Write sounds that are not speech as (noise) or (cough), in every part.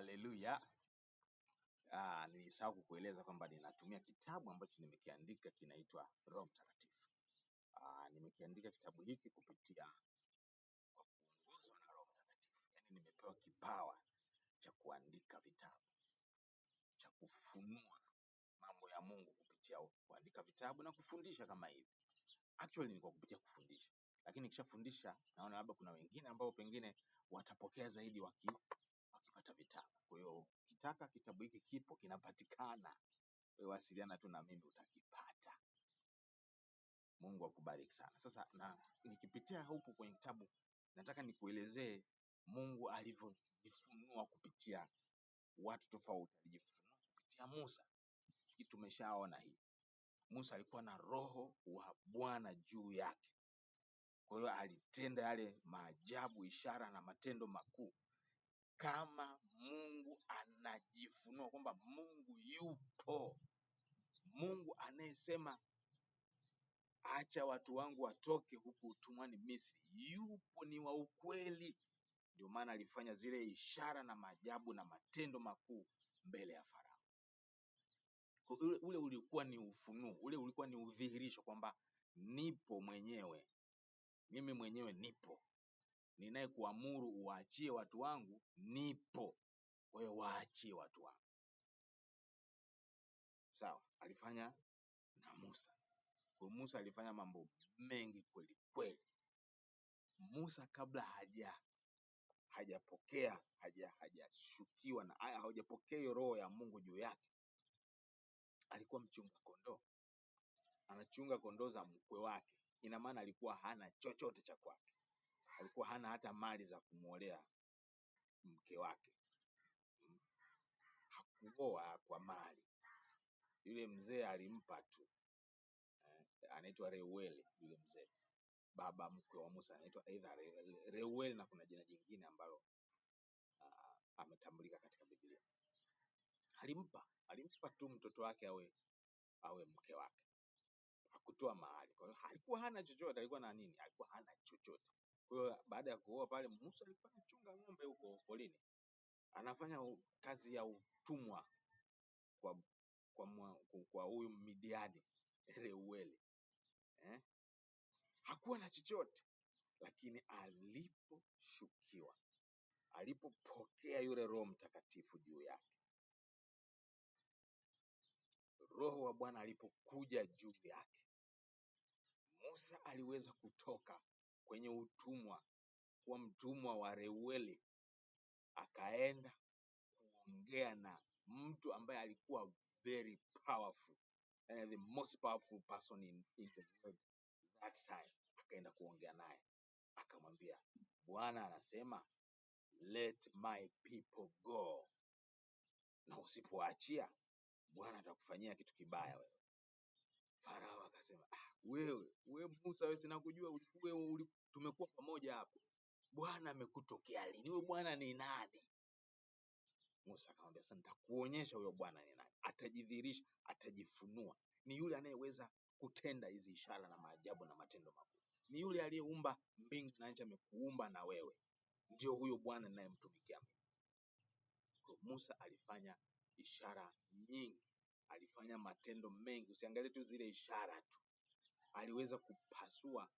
Haleluya. Ah, nilisahau kukueleza kwamba ninatumia kitabu ambacho nimekiandika kinaitwa Roho Mtakatifu. Ah, nimekiandika kitabu hiki kupitia kwa kuongozwa na Roho Mtakatifu. Yaani nimepewa kipawa cha kuandika vitabu, cha kufunua mambo ya Mungu kupitia kuandika vitabu na kufundisha kama hivi. Actually ni kwa kupitia kufundisha. Lakini nikishafundisha naona labda kuna wengine ambao pengine watapokea zaidi waki kwa hiyo ukitaka kitabu hiki kipo, kinapatikana, wasiliana tu na mimi utakipata. Mungu akubariki sana. Sasa na nikipitia huku kwenye kitabu, nataka nikuelezee Mungu alivyojifunua kupitia watu tofauti. Alijifunua kupitia Musa, hii tumeshaona hii. Musa alikuwa na roho wa Bwana juu yake, kwa hiyo alitenda yale maajabu, ishara na matendo makuu kama Mungu anajifunua kwamba Mungu yupo, Mungu anayesema acha watu wangu watoke huku utumwani Misri, yupo, ni wa ukweli. Ndio maana alifanya zile ishara na maajabu na matendo makuu mbele ya Farao. Ule, ule ulikuwa ni ufunuo, ule ulikuwa ni udhihirisho kwamba nipo mwenyewe, mimi mwenyewe nipo ninayekuamuru uwaachie watu wangu nipo. Kwa hiyo waachie watu wangu. Sawa, alifanya na Musa. Kwa Musa alifanya mambo mengi kweli kweli. Musa kabla haja hajapokea haja hajashukiwa na hajapokea hiyo roho ya Mungu juu yake, alikuwa mchunga kondoo, anachunga kondoo za mkwe wake. Ina maana alikuwa hana chochote cha kwake alikuwa hana hata mali za kumwolea mke wake, hakuoa kwa mali. Yule mzee alimpa tu eh, anaitwa Reueli yule mzee, baba mkwe wa Musa anaitwa aidha Reueli na kuna jina jingine ambalo uh, ametambulika katika Biblia. Alimpa alimpa tu mtoto wake awe awe mke wake, hakutoa mahali. Kwa hiyo alikuwa hana chochote, alikuwa na nini? Alikuwa hana chochote. Kwa hiyo baada ya kuoa pale, Musa alikuwa anachunga ng'ombe huko polini, anafanya kazi ya utumwa kwa kwa mwa- kwa huyu Midiani (laughs) Reueli eh? Hakuwa na chochote, lakini aliposhukiwa, alipopokea yule Roho Mtakatifu juu yake, Roho wa Bwana alipokuja juu yake, Musa aliweza kutoka kwenye utumwa, kuwa mtumwa wa Reueli, akaenda kuongea na mtu ambaye alikuwa very powerful, yani the most powerful person in, in the world that time. Akaenda kuongea naye akamwambia, Bwana anasema let my people go, na usipoachia Bwana atakufanyia kitu kibaya wewe. Farao akasema ah, wewe we Musa, wewe sinakujua, wewe tumekuwa pamoja hapo Bwana amekutokea lini? wewe Bwana ni nani? Musa akamwambia sasa, nitakuonyesha huyo Bwana ni nani, atajidhihirisha, atajifunua. Ni yule anayeweza kutenda hizi ishara na maajabu na matendo makubwa, ni yule aliyeumba mbingu na nchi, amekuumba na wewe, ndio huyo Bwana ninayemtumikia mimi. Kwa Musa alifanya ishara nyingi, alifanya matendo mengi. Usiangalie tu zile ishara tu, aliweza kupasua,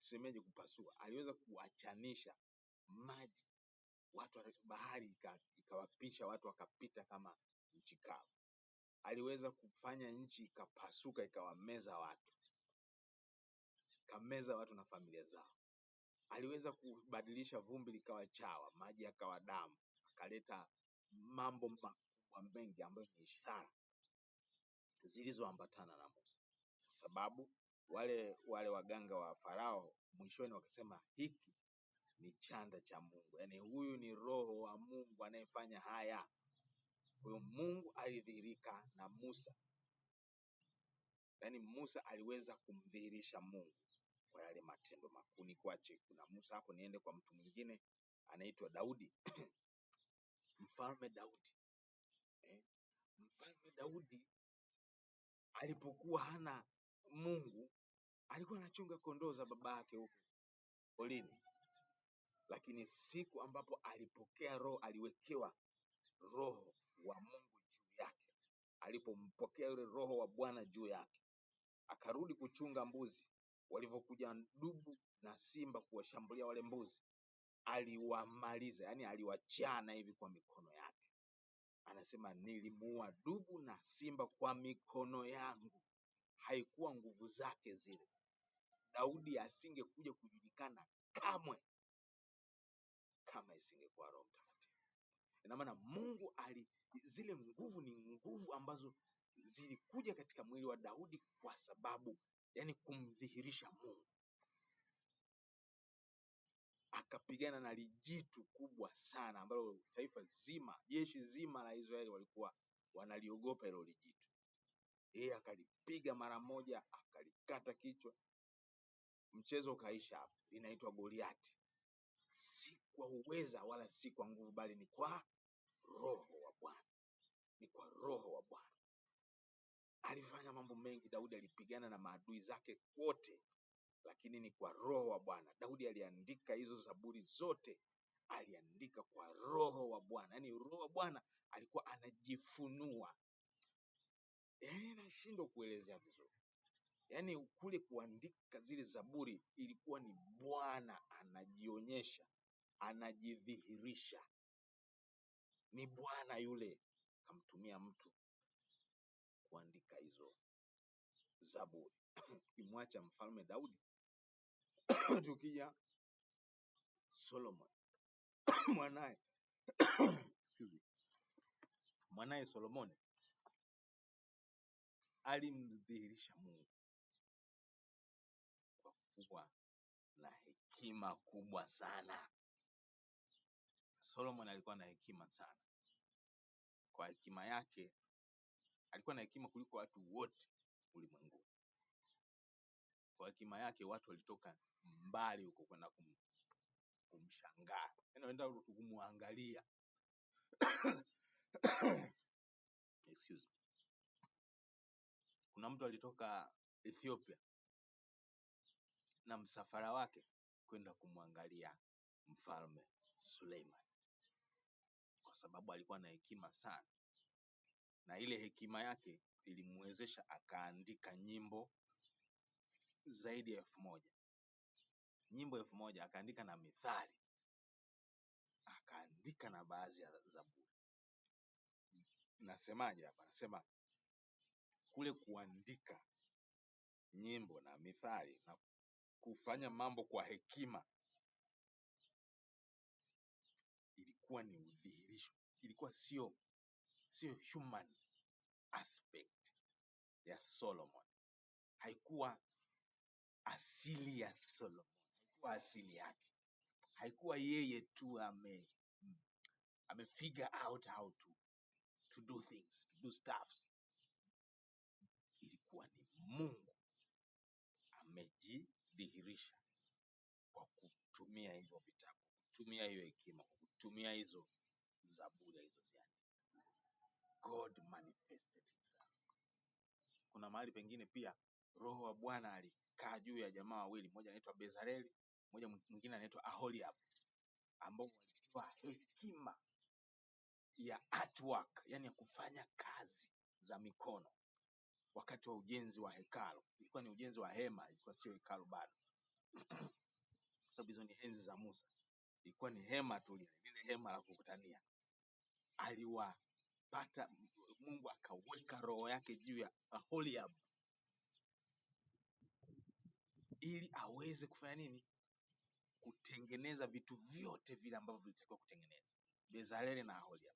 tusemeje, kupasua, aliweza kuachanisha maji, watu bahari ikawapisha, watu wakapita kama nchi kavu. Aliweza kufanya nchi ikapasuka, ikawameza watu, ikameza watu na familia zao. Aliweza kubadilisha vumbi likawa chawa, maji yakawa damu, akaleta mambo makubwa mengi ambayo ni ishara zilizoambatana na Musa sababu wale wale waganga wa Farao mwishoni wakasema hiki ni chanda cha Mungu, yaani huyu ni roho wa Mungu anayefanya haya. Kwa hiyo Mungu alidhihirika na Musa, yaani Musa aliweza kumdhihirisha Mungu kwa yale matendo makuu. Ni kuache kuna Musa hapo, niende kwa mtu mwingine anaitwa Daudi (clears throat) mfalme Daudi eh? Mfalme Daudi alipokuwa hana Mungu alikuwa anachunga kondoo za baba yake huko polini, lakini siku ambapo alipokea roho, aliwekewa roho wa Mungu juu yake, alipompokea yule roho wa Bwana juu yake, akarudi kuchunga mbuzi. Walivyokuja dubu na simba kuwashambulia wale mbuzi, aliwamaliza, yaani aliwachana hivi kwa mikono yake. Anasema nilimuua dubu na simba kwa mikono yangu haikuwa nguvu zake zile, Daudi asingekuja kujulikana kamwe kama isingekuwa Roho Mtakatifu. Ina maana Mungu ali zile nguvu ni nguvu ambazo zilikuja katika mwili wa Daudi kwa sababu yani kumdhihirisha Mungu. Akapigana na lijitu kubwa sana ambalo taifa zima, jeshi zima la Israeli walikuwa wanaliogopa hilo lijitu yeye akalipiga mara moja akalikata kichwa, mchezo ukaisha hapo. Linaitwa Goliati, si kwa uweza wala si kwa nguvu, bali ni kwa roho wa Bwana, ni kwa roho wa Bwana. Alifanya mambo mengi Daudi, alipigana na maadui zake kwote, lakini ni kwa roho wa Bwana. Daudi aliandika hizo zaburi zote, aliandika kwa roho wa Bwana, yaani roho wa Bwana alikuwa anajifunua yaani nashindwa kuelezea vizuri yaani kule kuandika zile zaburi ilikuwa ni bwana anajionyesha anajidhihirisha ni bwana yule kamtumia mtu kuandika hizo zaburi (coughs) kimwacha mfalme daudi (coughs) tukija solomon (coughs) mwanaye mwanaye solomoni alimdhihirisha Mungu kwa kuwa na hekima kubwa sana. Solomon alikuwa na hekima sana. Kwa hekima yake alikuwa na hekima kuliko watu wote ulimwenguni. Kwa hekima yake watu walitoka mbali huko kwenda kum, kumshangaa, yani wanaenda kumwangalia (coughs) kuna mtu alitoka Ethiopia na msafara wake kwenda kumwangalia mfalme Suleiman, kwa sababu alikuwa na hekima sana, na ile hekima yake ilimwezesha akaandika nyimbo zaidi ya elfu moja nyimbo elfu moja akaandika na mithali, akaandika na baadhi ya Zaburi. Nasemaje hapa? Nasema kule kuandika nyimbo na mithali na kufanya mambo kwa hekima ilikuwa ni udhihirisho, ilikuwa sio sio human aspect ya Solomon, haikuwa asili ya Solomon, haikuwa asili yake, haikuwa yeye tu ame mm, ame figure out how to to do things to do stuffs Mungu amejidhihirisha kwa kutumia hivyo vitabu, kutumia hiyo hekima, kutumia hizo zaburi alizoziandika. God manifested himself. Kuna mahali pengine pia roho wa Bwana alikaa juu ya jamaa wawili, mmoja anaitwa Bezareli, mmoja mwingine anaitwa Aholiab, ambao walikuwa hekima ya artwork, yani ya kufanya kazi za mikono wakati wa ujenzi wa hekalu. Ilikuwa ni ujenzi wa hema, ilikuwa sio hekalu bado (clears throat) kwa sababu hizo ni enzi za Musa. Ilikuwa ni hema tu lile hema la kukutania. Aliwapata Mungu, akaweka roho yake juu ya Aholiab ili aweze kufanya nini? Kutengeneza vitu vyote vile ambavyo vilitakiwa kutengeneza Bezaleli na Aholiab.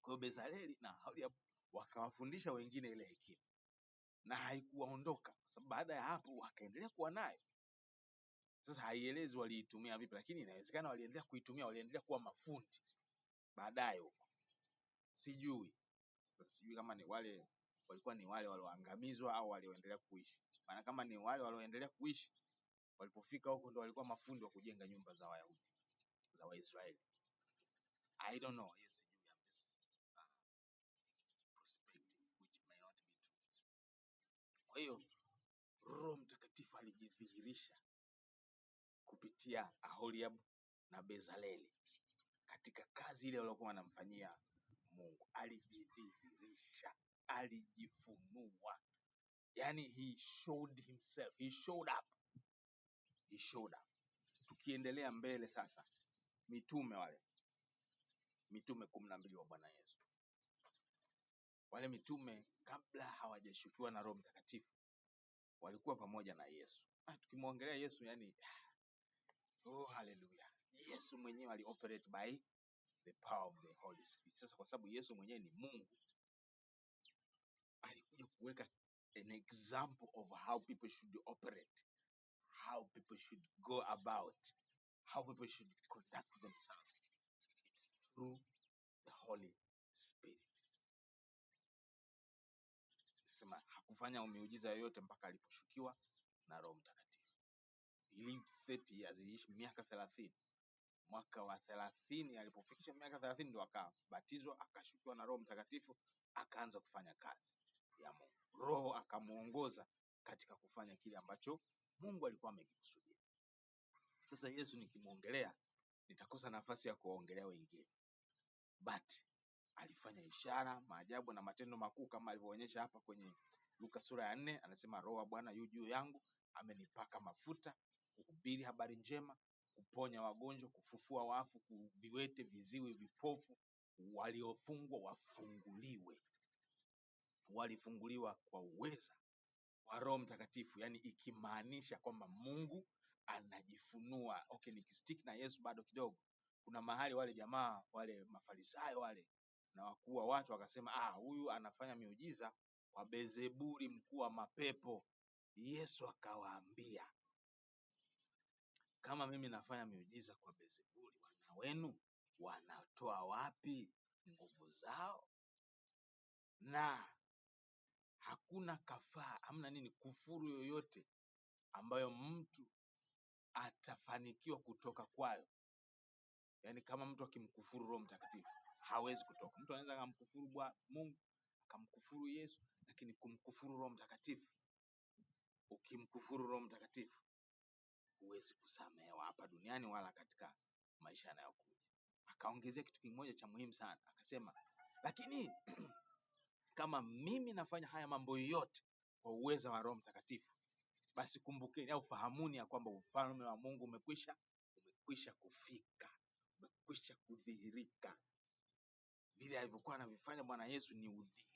Kwa hiyo Bezaleli na Aholiab wakawafundisha wengine ile hekima, na haikuwaondoka kwa sababu baada ya hapo wakaendelea kuwa nayo. Sasa haielezi waliitumia vipi, lakini inawezekana waliendelea kuitumia, waliendelea kuwa mafundi baadaye huko, sijui sijui kama ni wale walikuwa ni wale walioangamizwa au walioendelea kuishi. Maana kama ni wale walioendelea kuishi, walipofika huko ndo walikuwa mafundi wa kujenga nyumba za Wayahudi za Waisraeli. I don't know, yes. Kwa hiyo Roho Mtakatifu alijidhihirisha kupitia Aholiab na Bezaleli katika kazi ile waliokuwa wanamfanyia Mungu. Alijidhihirisha, alijifunua, yani he showed himself, he showed up, he showed up. Tukiendelea mbele sasa, mitume wale mitume kumi na mbili wa Bwana Yesu wale mitume kabla hawajashukiwa na Roho Mtakatifu walikuwa pamoja na Yesu. Ah, tukimwongelea Yesu yani, oh, haleluya! Yesu mwenyewe ali operate by the power of the Holy Spirit. Sasa kwa sababu Yesu mwenyewe ni Mungu, alikuja kuweka an example of how people should operate, how people should go about, how people should conduct themselves. It's through the Holy kufanya miujiza yoyote mpaka aliposhukiwa na Roho Mtakatifu. He miaka thelathini. Mwaka wa thelathini alipofikisha miaka thelathini ndo akabatizwa, akashukiwa na Roho Mtakatifu, akaanza kufanya kazi ya Mungu. Roho akamuongoza katika kufanya kile ambacho Mungu alikuwa amekikusudia. Sasa Yesu nikimwongelea nitakosa nafasi ya kuwaongelea wengine, but alifanya ishara, maajabu na matendo makuu kama alivyoonyesha hapa kwenye Luka sura ya nne anasema roho wa Bwana yu juu yangu, amenipaka mafuta kuhubiri habari njema, kuponya wagonjwa, kufufua wafu, kuviwete, viziwi, vipofu, waliofungwa wafunguliwe. Walifunguliwa kwa uweza wa Roho Mtakatifu, yani ikimaanisha kwamba Mungu anajifunua. Okay, nikistick na Yesu bado kidogo, kuna mahali wale jamaa wale mafarisayo wale na wakuu wa watu wakasema, ah, huyu anafanya miujiza wa Beelzebuli mkuu wa mapepo. Yesu akawaambia, kama mimi nafanya miujiza kwa Beelzebuli, wana wenu wanatoa wapi nguvu zao? Na hakuna kafaa, hamna nini, kufuru yoyote ambayo mtu atafanikiwa kutoka kwayo. Yaani kama mtu akimkufuru Roho Mtakatifu hawezi kutoka. Mtu anaweza akamkufuru Mungu akamkufuru Yesu yake ni kumkufuru Roho Mtakatifu. Ukimkufuru Roho Mtakatifu huwezi kusamehewa hapa duniani wala katika maisha yanayokuja. Akaongezea kitu kimoja cha muhimu sana, akasema lakini (clears throat) kama mimi nafanya haya mambo yote kwa uweza wa Roho Mtakatifu, basi kumbukeni au fahamuni ya kwamba ufalme wa Mungu umekwisha umekwisha kufika, umekwisha kudhihirika. Vile alivyokuwa anavifanya Bwana Yesu ni udhi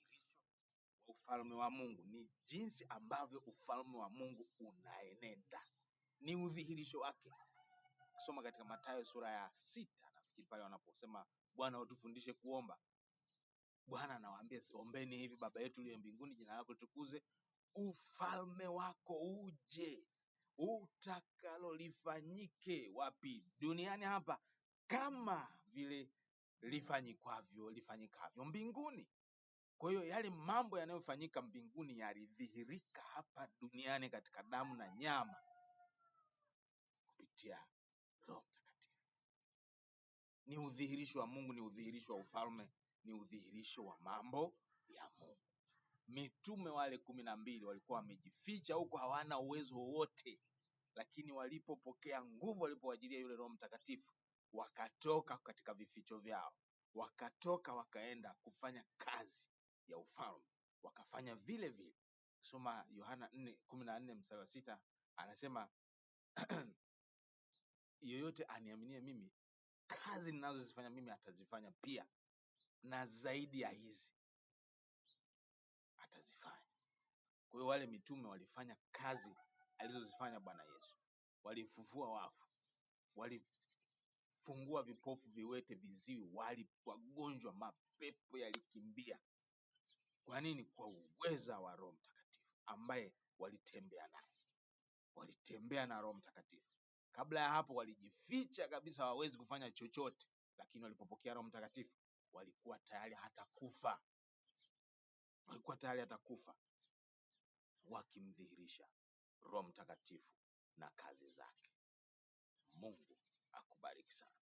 ufalme wa Mungu, ni jinsi ambavyo ufalme wa Mungu unaenenda, ni udhihirisho wake. Kusoma katika Mathayo sura ya sita nafikiri pale wanaposema Bwana utufundishe kuomba. Bwana anawaambia ombeni hivi, Baba yetu uliye mbinguni, jina lako litukuzwe, ufalme wako uje, utakalo lifanyike wapi? Duniani hapa kama vile lifanyikwavyo lifanyikavyo mbinguni. Kwa hiyo yale mambo yanayofanyika mbinguni yalidhihirika hapa duniani katika damu na nyama kupitia Roho Mtakatifu. Ni udhihirisho wa Mungu, ni udhihirisho wa ufalme, ni udhihirisho wa mambo ya Mungu. Mitume wale kumi na mbili walikuwa wamejificha huko, hawana uwezo wowote, lakini walipopokea nguvu, walipoajilia yule Roho Mtakatifu, wakatoka katika vificho vyao, wakatoka wakaenda kufanya kazi ya ufalme, wakafanya vile vile. Soma Yohana 4:14 kumi na nne mstari wa sita anasema (clears throat) yoyote aniaminie mimi, kazi ninazozifanya mimi atazifanya pia, na zaidi ya hizi atazifanya. Kwa hiyo wale mitume walifanya kazi alizozifanya Bwana Yesu, walifufua wafu, walifungua vipofu, viwete, viziwi, wali wagonjwa, mapepo yali kwa nini? Kwa uweza wa Roho Mtakatifu ambaye walitembea naye, walitembea na Roho Mtakatifu. Kabla ya hapo walijificha kabisa, hawawezi kufanya chochote, lakini walipopokea Roho Mtakatifu walikuwa tayari hata kufa, walikuwa tayari hata kufa wakimdhihirisha Roho Mtakatifu na kazi zake. Mungu akubariki sana.